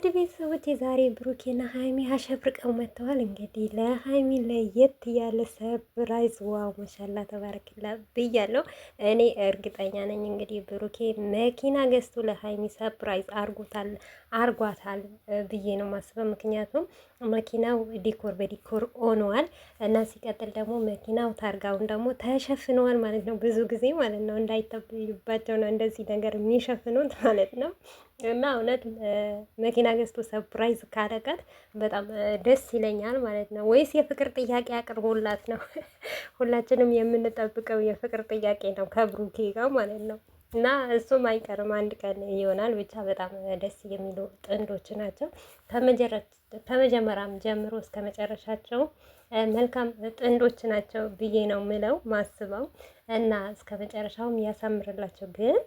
ውድ ቤተሰቦች የዛሬ ብሩኬና ሀይሚ አሸብርቀው መጥተዋል። እንግዲህ ለሀይሚ ለየት ያለ ሰርፕራይዝ ዋው መሻላ ተባረክላ ብያለሁ። እኔ እርግጠኛ ነኝ እንግዲህ ብሩኬ መኪና ገዝቶ ለሀይሚ ሰርፕራይዝ አርጎታል። አርጓታል ብዬ ነው ማስበው። ምክንያቱም መኪናው ዲኮር በዲኮር ሆኗል እና ሲቀጥል ደግሞ መኪናው ታርጋውን ደግሞ ተሸፍነዋል ማለት ነው። ብዙ ጊዜ ማለት ነው እንዳይታበዩባቸው ነው እንደዚህ ነገር የሚሸፍኑት ማለት ነው። እና እውነት መኪና ገዝቶ ሰርፕራይዝ ካደረጋት በጣም ደስ ይለኛል ማለት ነው። ወይስ የፍቅር ጥያቄ አቅርቦላት ነው? ሁላችንም የምንጠብቀው የፍቅር ጥያቄ ነው ከብሩኬ ጋር ማለት ነው። እና እሱም አይቀርም አንድ ቀን ይሆናል። ብቻ በጣም ደስ የሚሉ ጥንዶች ናቸው። ከመጀመሪያም ጀምሮ እስከ መጨረሻቸው መልካም ጥንዶች ናቸው ብዬ ነው ምለው ማስበው እና እስከ መጨረሻውም ያሳምርላቸው ግን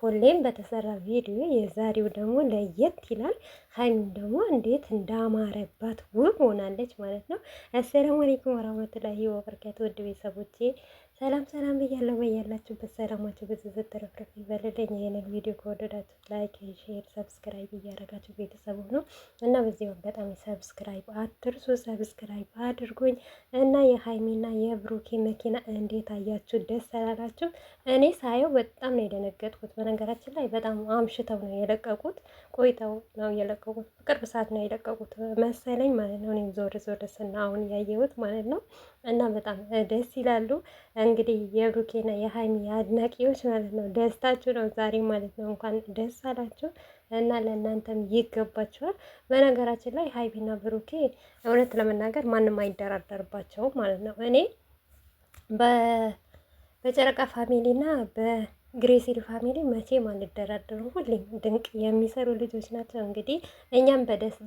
ሁሌም በተሰራ ቪዲዮ የዛሬው ደግሞ ለየት ይላል። ሀይም ደግሞ እንዴት እንዳማረባት ውብ ሆናለች ማለት ነው። አሰላሙ አለይኩም ወራህመቱላሂ ወበረካቱ ውድ ቤተሰቦቼ ሰላም ሰላም ብያለሁ። በያላችሁበት ሰላማችሁ ብዙ ተረፍረፍ ይበልልኝ። ይህንን ቪዲዮ ከወደዳችሁ ላይክ፣ ሼር፣ ሰብስክራይብ እያደረጋችሁ ቤተሰቡ ነው እና በዚህ አጋጣሚ ሰብስክራይብ አትርሱ፣ ሰብስክራይብ አድርጉኝ እና የሀይሚና የብሩኬ መኪና እንዴት አያችሁ? ደስ አላላችሁ? እኔ ሳየው በጣም ነው የደነገጥኩት። በነገራችን ላይ በጣም አምሽተው ነው የለቀቁት፣ ቆይተው ነው የለቀቁት። ቅርብ ሰዓት ነው የለቀቁት መሰለኝ ማለት ነው። እኔም ዞር ዞር ስና አሁን ያየሁት ማለት ነው እና በጣም ደስ ይላሉ። እንግዲህ የብሩኬና የሀይሚ አድናቂዎች ማለት ነው ደስታችሁ ነው ዛሬ ማለት ነው። እንኳን ደስ አላችሁ እና ለእናንተም ይገባችኋል። በነገራችን ላይ ሀይሚና ብሩኬ እውነት ለመናገር ማንም አይደራደርባቸውም ማለት ነው። እኔ በጨረቃ ፋሚሊና በ ግሬሲሪ ፋሚሊ መቼም አንደራደርም። ሁሌም ድንቅ የሚሰሩ ልጆች ናቸው። እንግዲህ እኛም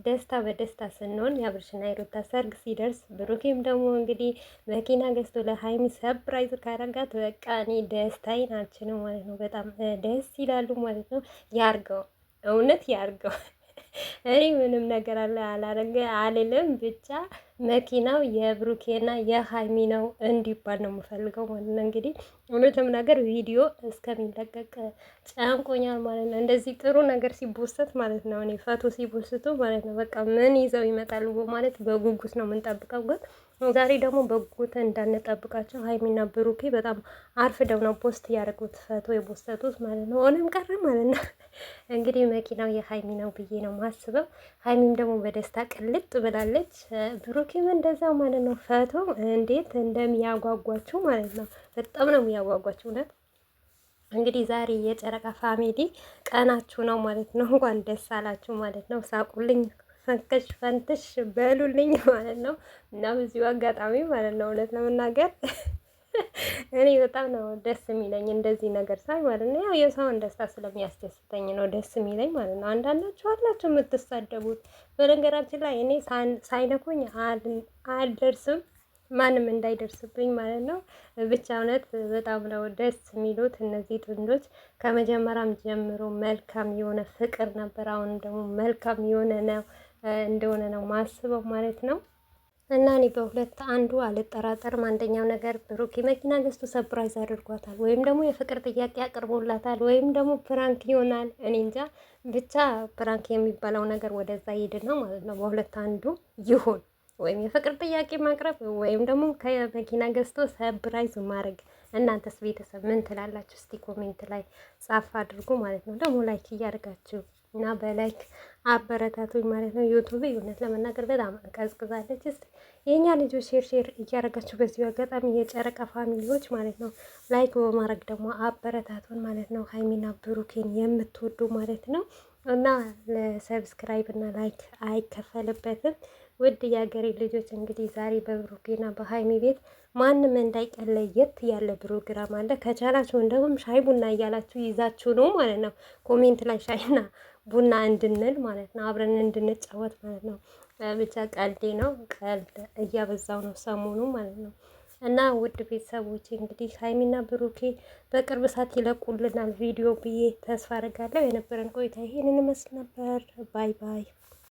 ደስታ በደስታ ስንሆን የአብርሽና የሩታ ሰርግ ሲደርስ ብሩኬም ደግሞ እንግዲህ መኪና ገዝቶ ለሀይሚ ሰፕራይዝ ካረጋት በቃ እኔ ደስታዬን አልችልም ማለት ነው። በጣም ደስ ይላሉ ማለት ነው። ያርገው፣ እውነት ያርገው። እኔ ምንም ነገር አለ አላረገ አልልም። ብቻ መኪናው የብሩኬና የሀይሚ ነው እንዲባል ነው የምፈልገው ማለት ነው። እንግዲህ እውነትም ነገር ቪዲዮ እስከሚለቀቅ ጨንቆኛል ማለት ነው። እንደዚህ ጥሩ ነገር ሲቦሰት ማለት ነው። እኔ ፈቶ ሲቦስቱ ማለት ነው። በቃ ምን ይዘው ይመጣሉ ማለት በጉጉት ነው የምንጠብቀው ግን ዛሬ ደግሞ በጉጉት እንዳንጠብቃቸው ሀይሚና ብሩኬ በጣም አርፍደው ነው ፖስት ያደረጉት ፈቶ የቦሰቱት ማለት ነው። ሆነም ቀረ ማለት ነው። እንግዲህ መኪናው የሀይሚ ነው ብዬ ነው ማስ አላስብም። ሀይሚም ደግሞ በደስታ ቅልጥ ብላለች። ብሩኬም እንደዛው ማለት ነው። ፈቶ እንዴት እንደሚያጓጓቸው ማለት ነው። በጣም ነው የሚያጓጓቸው እውነት። እንግዲህ ዛሬ የጨረቃ ፋሚሊ ቀናችሁ ነው ማለት ነው። እንኳን ደስ አላችሁ ማለት ነው። ሳቁልኝ፣ ፈንከሽ ፈንትሽ በሉልኝ ማለት ነው እና በዚሁ አጋጣሚ ማለት ነው እውነት ለመናገር እኔ በጣም ነው ደስ የሚለኝ እንደዚህ ነገር ሳይ ማለት ነው። ያው የሰውን ደስታ ስለሚያስደስተኝ ነው ደስ የሚለኝ ማለት ነው። አንዳንዳችሁ አላችሁ የምትሳደቡት። በነገራችን ላይ እኔ ሳይነኩኝ አልደርስም፣ ማንም እንዳይደርስብኝ ማለት ነው። ብቻ እውነት በጣም ነው ደስ የሚሉት እነዚህ ጥንዶች። ከመጀመሪያም ጀምሮ መልካም የሆነ ፍቅር ነበር። አሁንም ደግሞ መልካም የሆነ ነው እንደሆነ ነው ማስበው ማለት ነው። እና እኔ በሁለት አንዱ አልጠራጠርም። አንደኛው ነገር ብሩክ መኪና ገዝቶ ሰፕራይዝ አድርጓታል፣ ወይም ደግሞ የፍቅር ጥያቄ አቅርቦላታል፣ ወይም ደግሞ ፕራንክ ይሆናል። እኔ እንጃ ብቻ ፕራንክ የሚባለው ነገር ወደዛ ይድን ነው ማለት ነው። በሁለት አንዱ ይሁን ወይም የፍቅር ጥያቄ ማቅረብ ወይም ደግሞ ከመኪና ገዝቶ ሰፕራይዝ ማድረግ። እናንተስ ቤተሰብ ምን ትላላችሁ? እስቲ ኮሜንት ላይ ጻፍ አድርጉ ማለት ነው። ደግሞ ላይክ እያደርጋችሁ እና በላይክ አበረታቶች ማለት ነው። ዩቱብ እውነት ለመናገር በጣም ቀዝቅዛለች። ስ የእኛ ልጆች ሼር ሼር እያደረጋችሁ በዚሁ አጋጣሚ የጨረቃ ፋሚሊዎች ማለት ነው ላይክ በማድረግ ደግሞ አበረታቱን ማለት ነው። ሀይሚና ብሩኬን የምትወዱ ማለት ነው እና ለሰብስክራይብ እና ላይክ አይከፈልበትም። ውድ የሀገሬ ልጆች እንግዲህ ዛሬ በብሩኬና በሀይሚ ቤት ማንም እንዳይቀለየት ያለ ፕሮግራም አለ። ከቻላችሁ እንደውም ሻይ ቡና እያላችሁ ይዛችሁ ነው ማለት ነው። ኮሜንት ላይ ሻይና ቡና እንድንል ማለት ነው። አብረን እንድንጫወት ማለት ነው። ብቻ ቀልዴ ነው። ቀልድ እያበዛው ነው ሰሞኑ ማለት ነው። እና ውድ ቤተሰቦች እንግዲህ ሀይሚና ብሩኬ በቅርብ ሰዓት ይለቁልናል ቪዲዮ ብዬ ተስፋ አደርጋለሁ። የነበረን ቆይታ ይሄንን ይመስል ነበር። ባይ ባይ።